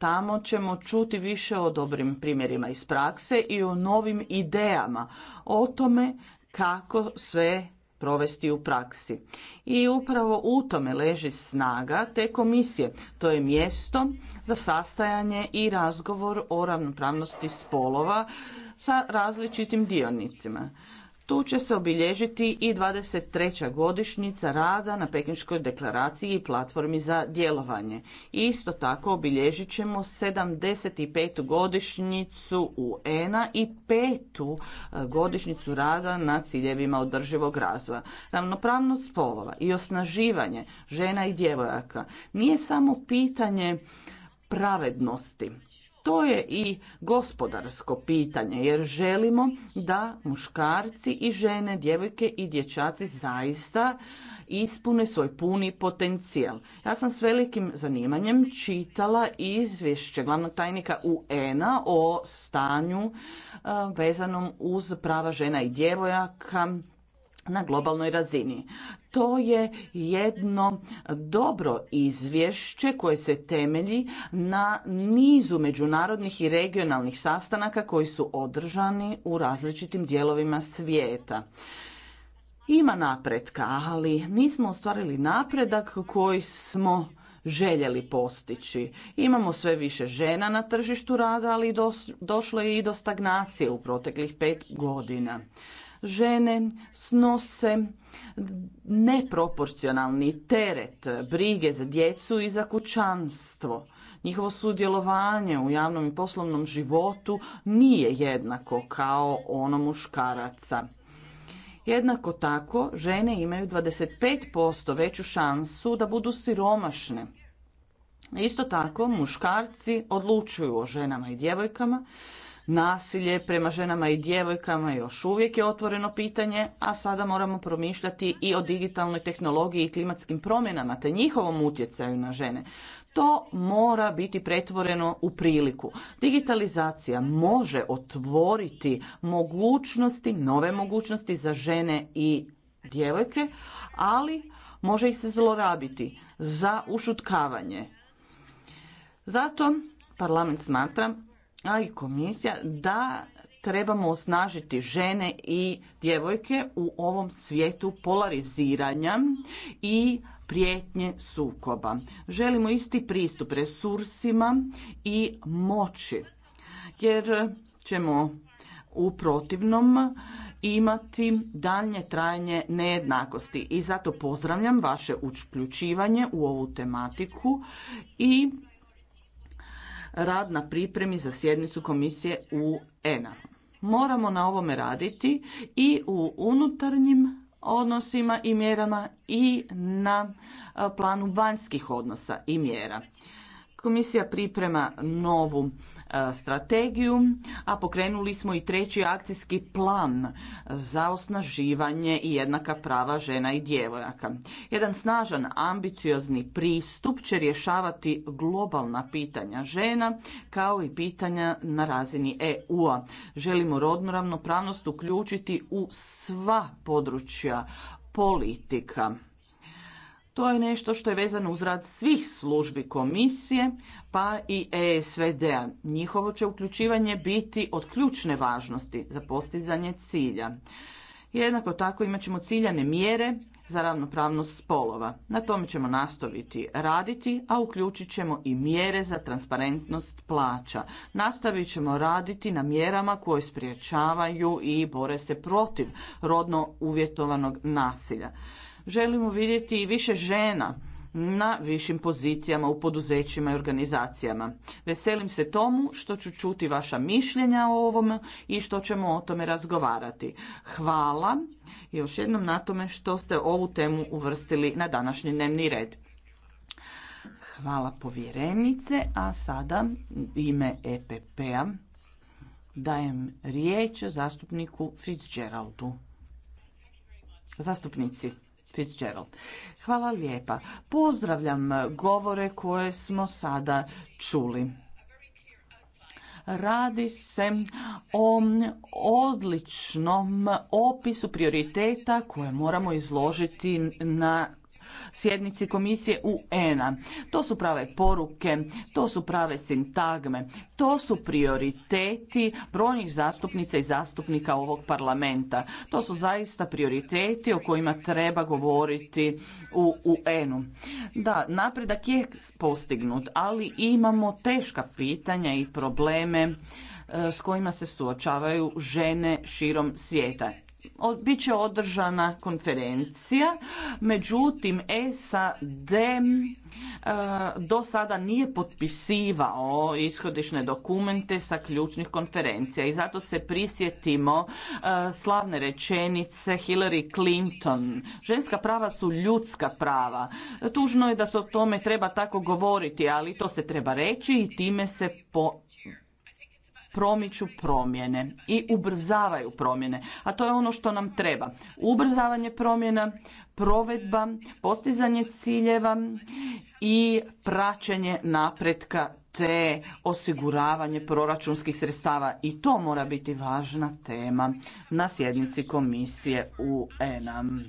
Tamo ćemo čuti više o dobrim primjerima iz prakse i o novim idejama, o tome kako sve provesti u praksi. I upravo u tome leži snaga te komisije. To je mjesto za sastajanje i razgovor o ravnopravnosti spolova sa različitim dionicima. Tu će se obilježiti i 23. godišnjica rada na Pekinškoj deklaraciji i platformi za djelovanje. Isto tako obilježit ćemo 75. godišnjicu UN-a i petu e, godišnjicu rada na ciljevima održivog razvoja. Ravnopravnost spolova i osnaživanje žena i djevojaka nije samo pitanje pravednosti to je i gospodarsko pitanje jer želimo da muškarci i žene, djevojke i dječaci zaista ispune svoj puni potencijal. Ja sam s velikim zanimanjem čitala izvješće glavnog tajnika UN-a o stanju vezanom uz prava žena i djevojaka na globalnoj razini. To je jedno dobro izvješće koje se temelji na nizu međunarodnih i regionalnih sastanaka koji su održani u različitim dijelovima svijeta. Ima napretka, ali nismo ostvarili napredak koji smo željeli postići. Imamo sve više žena na tržištu rada, ali došlo je i do stagnacije u proteklih pet godina žene snose neproporcionalni teret brige za djecu i za kućanstvo. Njihovo sudjelovanje u javnom i poslovnom životu nije jednako kao ono muškaraca. Jednako tako, žene imaju 25% veću šansu da budu siromašne. Isto tako, muškarci odlučuju o ženama i djevojkama, Nasilje prema ženama i djevojkama još uvijek je otvoreno pitanje, a sada moramo promišljati i o digitalnoj tehnologiji i klimatskim promjenama te njihovom utjecaju na žene. To mora biti pretvoreno u priliku. Digitalizacija može otvoriti mogućnosti, nove mogućnosti za žene i djevojke, ali može ih se zlorabiti za ušutkavanje. Zato parlament smatra a i komisija da trebamo osnažiti žene i djevojke u ovom svijetu polariziranja i prijetnje sukoba. Želimo isti pristup resursima i moći jer ćemo u protivnom imati daljnje trajanje nejednakosti i zato pozdravljam vaše uključivanje u ovu tematiku i rad na pripremi za sjednicu komisije u a Moramo na ovome raditi i u unutarnjim odnosima i mjerama i na e, planu vanjskih odnosa i mjera. Komisija priprema novu E, strategiju, a pokrenuli smo i treći akcijski plan za osnaživanje i jednaka prava žena i djevojaka. Jedan snažan, ambiciozni pristup će rješavati globalna pitanja žena kao i pitanja na razini EU-a. Želimo rodnu ravnopravnost uključiti u sva područja politika. To je nešto što je vezano uz rad svih službi komisije, pa i ESVD-a. Njihovo će uključivanje biti od ključne važnosti za postizanje cilja. Jednako tako imat ćemo ciljane mjere za ravnopravnost spolova. Na tome ćemo nastaviti raditi, a uključit ćemo i mjere za transparentnost plaća. Nastavit ćemo raditi na mjerama koje spriječavaju i bore se protiv rodno uvjetovanog nasilja. Želimo vidjeti i više žena na višim pozicijama u poduzećima i organizacijama. Veselim se tomu što ću čuti vaša mišljenja o ovom i što ćemo o tome razgovarati. Hvala još jednom na tome što ste ovu temu uvrstili na današnji dnevni red. Hvala povjerenice, a sada ime EPP-a dajem riječ zastupniku Fitzgeraldu. Zastupnici. Fitzgerald. Hvala lijepa. Pozdravljam govore koje smo sada čuli. Radi se o odličnom opisu prioriteta koje moramo izložiti na sjednici komisije UN-a. To su prave poruke, to su prave sintagme, to su prioriteti brojnih zastupnica i zastupnika ovog parlamenta. To su zaista prioriteti o kojima treba govoriti u UN-u. Da, napredak je postignut, ali imamo teška pitanja i probleme e, s kojima se suočavaju žene širom svijeta bit će održana konferencija, međutim SAD e, do sada nije potpisivao ishodišne dokumente sa ključnih konferencija i zato se prisjetimo e, slavne rečenice Hillary Clinton. Ženska prava su ljudska prava. Tužno je da se o tome treba tako govoriti, ali to se treba reći i time se po promiču promjene i ubrzavaju promjene, a to je ono što nam treba. Ubrzavanje promjena, provedba, postizanje ciljeva i praćenje napretka te osiguravanje proračunskih sredstava i to mora biti važna tema na sjednici komisije un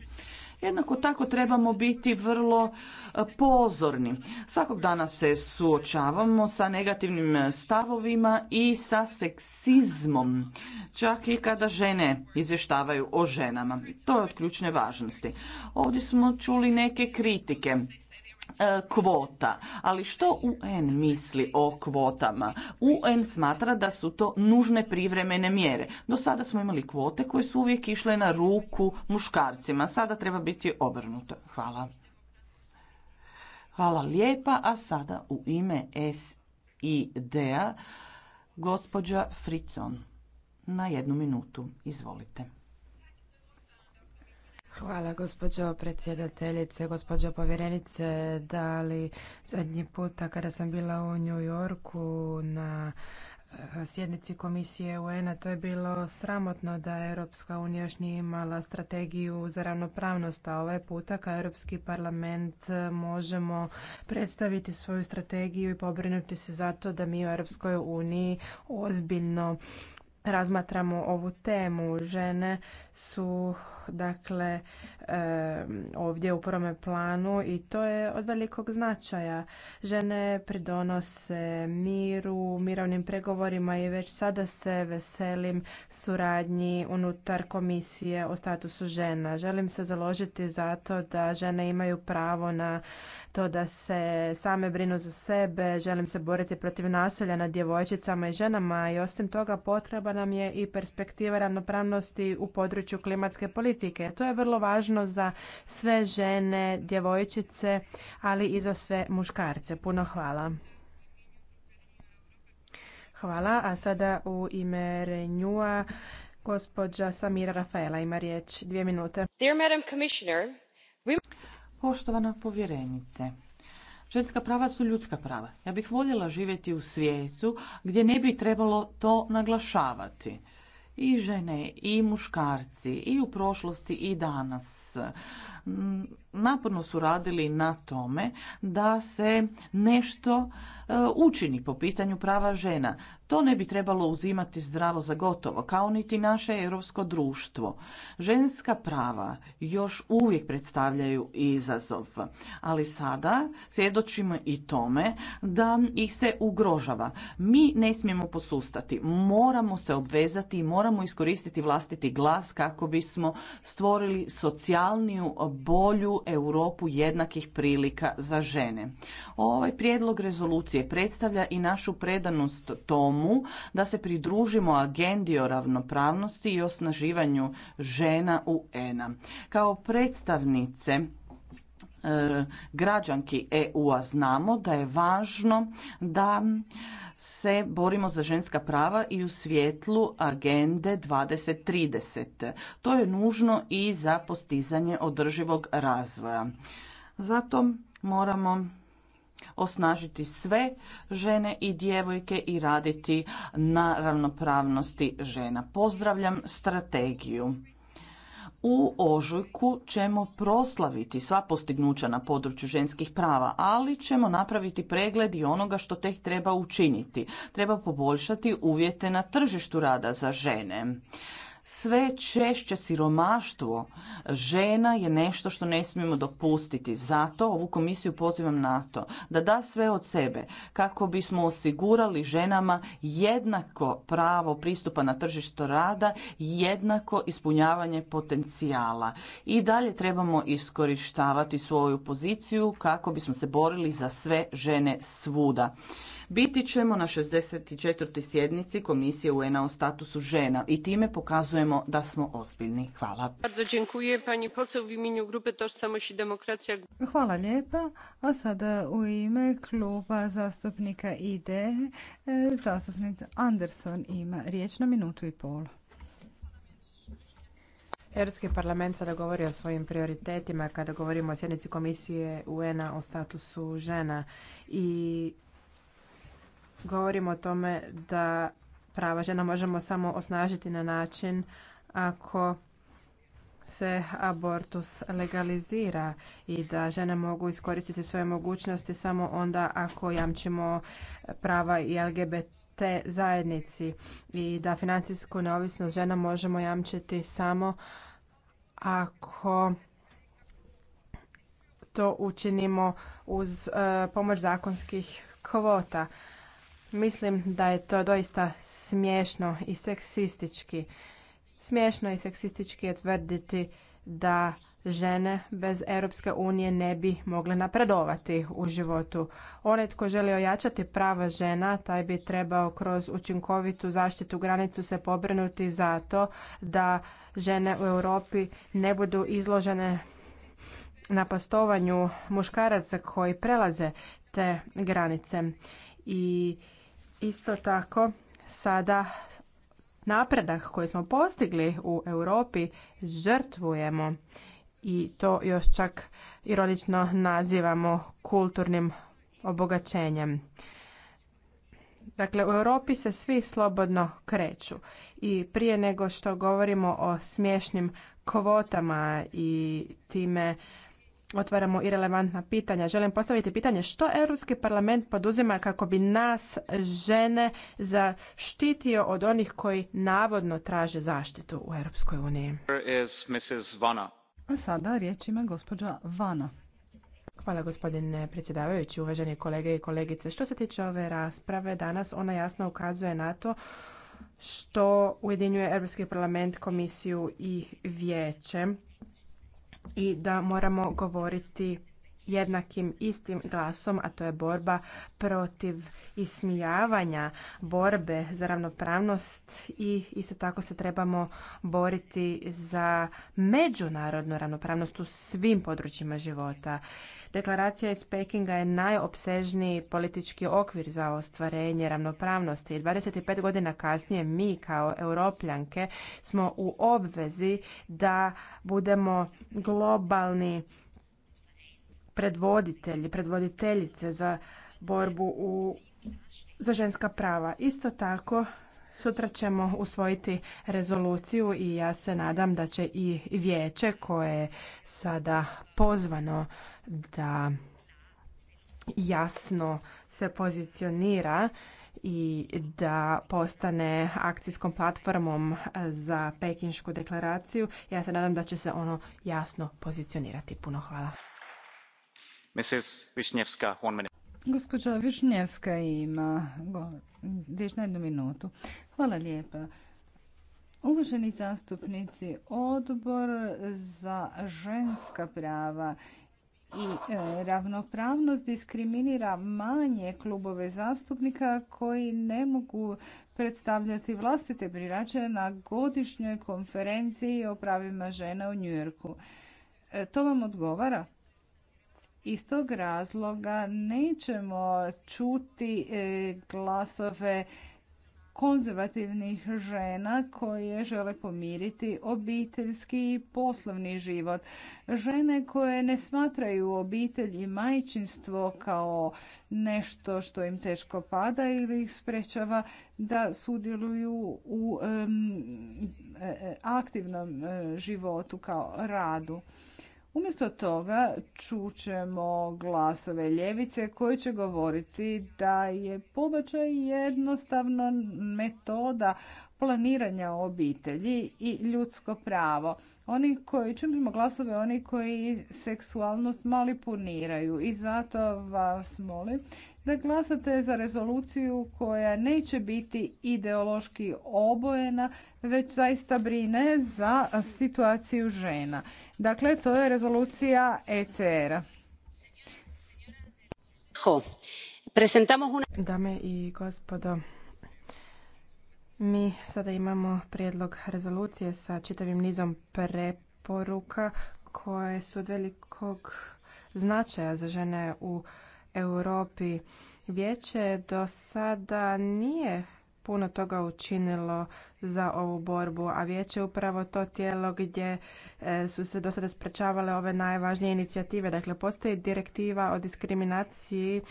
Jednako tako trebamo biti vrlo e, pozorni. Svakog dana se suočavamo sa negativnim stavovima i sa seksizmom. Čak i kada žene izvještavaju o ženama. To je od ključne važnosti. Ovdje smo čuli neke kritike E, kvota. Ali što UN misli o kvotama? UN smatra da su to nužne privremene mjere. Do sada smo imali kvote koje su uvijek išle na ruku muškarcima. Sada treba biti obrnuto. Hvala. Hvala lijepa. A sada u ime SID-a gospođa Fricon. Na jednu minutu. Izvolite. Hvala gospođo predsjedateljice, gospođo povjerenice. Da li zadnji puta kada sam bila u New Yorku na eh, sjednici komisije UN-a to je bilo sramotno da Europska unija još nije imala strategiju za ravnopravnost, a ovaj puta kao Europski parlament eh, možemo predstaviti svoju strategiju i pobrinuti se za to da mi u Europskoj uniji ozbiljno razmatramo ovu temu. Žene su dakle ovdje u prvome planu i to je od velikog značaja. Žene pridonose miru, mirovnim pregovorima i već sada se veselim suradnji unutar komisije o statusu žena. Želim se založiti za to da žene imaju pravo na to da se same brinu za sebe, želim se boriti protiv nasilja nad djevojčicama i ženama i osim toga potreba nam je i perspektiva ravnopravnosti u području klimatske politike politike. To je vrlo važno za sve žene, djevojčice, ali i za sve muškarce. Puno hvala. Hvala, a sada u ime Renjua gospođa Samira Rafaela ima riječ. Dvije minute. Dear Madam Commissioner, Poštovana povjerenice, Ženska prava su ljudska prava. Ja bih voljela živjeti u svijetu gdje ne bi trebalo to naglašavati i žene i muškarci i u prošlosti i danas Mm, naporno su radili na tome da se nešto e, učini po pitanju prava žena. To ne bi trebalo uzimati zdravo za gotovo, kao niti naše europsko društvo. Ženska prava još uvijek predstavljaju izazov, ali sada svjedočimo i tome da ih se ugrožava. Mi ne smijemo posustati, moramo se obvezati i moramo iskoristiti vlastiti glas kako bismo stvorili socijalniju bolju Europu jednakih prilika za žene. Ovaj prijedlog rezolucije predstavlja i našu predanost tomu da se pridružimo agendi o ravnopravnosti i osnaživanju žena u ENA. Kao predstavnice e, građanki EU-a znamo da je važno da se borimo za ženska prava i u svjetlu agende 2030. To je nužno i za postizanje održivog razvoja. Zato moramo osnažiti sve žene i djevojke i raditi na ravnopravnosti žena. Pozdravljam strategiju u ožujku ćemo proslaviti sva postignuća na području ženskih prava, ali ćemo napraviti pregled i onoga što teh treba učiniti. Treba poboljšati uvjete na tržištu rada za žene sve češće siromaštvo žena je nešto što ne smijemo dopustiti. Zato ovu komisiju pozivam na to da da sve od sebe kako bismo osigurali ženama jednako pravo pristupa na tržišto rada, jednako ispunjavanje potencijala. I dalje trebamo iskorištavati svoju poziciju kako bismo se borili za sve žene svuda. Biti ćemo na 64. sjednici Komisije un o statusu žena i time pokazujemo da smo ozbiljni. Hvala. Hvala lijepa. A sada u ime kluba zastupnika ID e, zastupnik Anderson ima riječ na minutu i pol. Europski parlament sada govori o svojim prioritetima kada govorimo o sjednici komisije UN-a o statusu žena i govorimo o tome da prava žena možemo samo osnažiti na način ako se abortus legalizira i da žene mogu iskoristiti svoje mogućnosti samo onda ako jamčimo prava i LGBT zajednici i da financijsku neovisnost žena možemo jamčiti samo ako to učinimo uz eh, pomoć zakonskih kvota. Mislim da je to doista smiješno i seksistički. Smiješno i seksistički je tvrditi da žene bez Europske unije ne bi mogle napredovati u životu. Onaj tko želi ojačati prava žena, taj bi trebao kroz učinkovitu zaštitu granicu se pobrinuti za to da žene u Europi ne budu izložene napastovanju muškaraca koji prelaze te granice. I Isto tako, sada napredak koji smo postigli u Europi žrtvujemo i to još čak ironično nazivamo kulturnim obogaćenjem. Dakle, u Europi se svi slobodno kreću i prije nego što govorimo o smiješnim kvotama i time otvaramo i relevantna pitanja. Želim postaviti pitanje što Europski parlament poduzima kako bi nas žene zaštitio od onih koji navodno traže zaštitu u Europskoj uniji. A sada riječ ima gospođa Vana. Hvala gospodine predsjedavajući, uvaženi kolege i kolegice. Što se tiče ove rasprave danas, ona jasno ukazuje na to što ujedinjuje Europski parlament, komisiju i vijeće i da moramo govoriti jednakim istim glasom, a to je borba protiv ismijavanja, borbe za ravnopravnost i isto tako se trebamo boriti za međunarodnu ravnopravnost u svim područjima života. Deklaracija iz Pekinga je najopsežniji politički okvir za ostvarenje ravnopravnosti. 25 godina kasnije mi kao europljanke smo u obvezi da budemo globalni predvoditelji, predvoditeljice za borbu u, za ženska prava. Isto tako Sutra ćemo usvojiti rezoluciju i ja se nadam da će i vijeće koje je sada pozvano da jasno se pozicionira i da postane akcijskom platformom za pekinšku deklaraciju. Ja se nadam da će se ono jasno pozicionirati. Puno hvala. Mrs. Višnjevska, Gospođa Višnjevska ima riječ na jednu minutu. Hvala lijepa. Uvaženi zastupnici, odbor za ženska prava i e, ravnopravnost diskriminira manje klubove zastupnika koji ne mogu predstavljati vlastite birače na godišnjoj konferenciji o pravima žena u Njujorku. E, to vam odgovara? Iz tog razloga nećemo čuti e, glasove konzervativnih žena koje žele pomiriti obiteljski i poslovni život. Žene koje ne smatraju obitelj i majčinstvo kao nešto što im teško pada ili ih sprečava da sudjeluju u e, e, aktivnom životu kao radu. Umjesto toga čućemo glasove ljevice koji će govoriti da je pobačaj jednostavno metoda planiranja obitelji i ljudsko pravo. Oni koji, čujemo glasove, oni koji seksualnost manipuliraju i zato vas molim da glasate za rezoluciju koja neće biti ideološki obojena, već zaista brine za situaciju žena. Dakle, to je rezolucija ECR-a. Dame i gospodo, mi sada imamo prijedlog rezolucije sa čitavim nizom preporuka koje su od velikog značaja za žene u Europi. Vijeće do sada nije puno toga učinilo za ovu borbu, a vijeće je upravo to tijelo gdje e, su se do sada sprečavale ove najvažnije inicijative. Dakle, postoji direktiva o diskriminaciji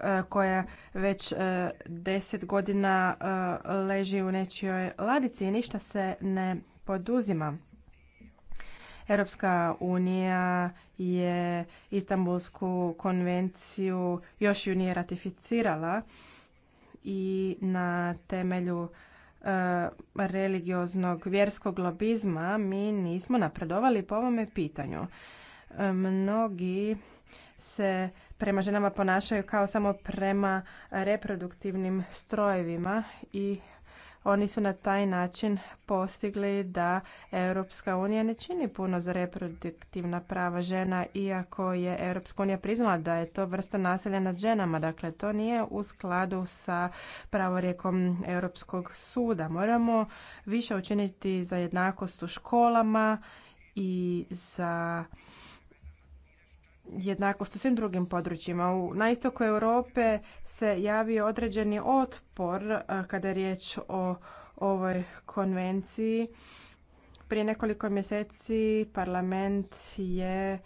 e, koja već e, deset godina leži u nečijoj ladici i ništa se ne poduzima. Europska unija je Istanbulsku konvenciju još ju nije ratificirala i na temelju eh, religioznog vjerskog lobizma mi nismo napredovali po ovome pitanju. Eh, mnogi se prema ženama ponašaju kao samo prema reproduktivnim strojevima i oni su na taj način postigli da Europska unija ne čini puno za reproduktivna prava žena, iako je Europska unija priznala da je to vrsta nasilja nad ženama. Dakle, to nije u skladu sa pravorijekom Europskog suda. Moramo više učiniti za jednakost u školama i za jednakost u svim drugim područjima. U, na istoku Europe se javio određeni otpor kada je riječ o ovoj konvenciji. Prije nekoliko mjeseci parlament je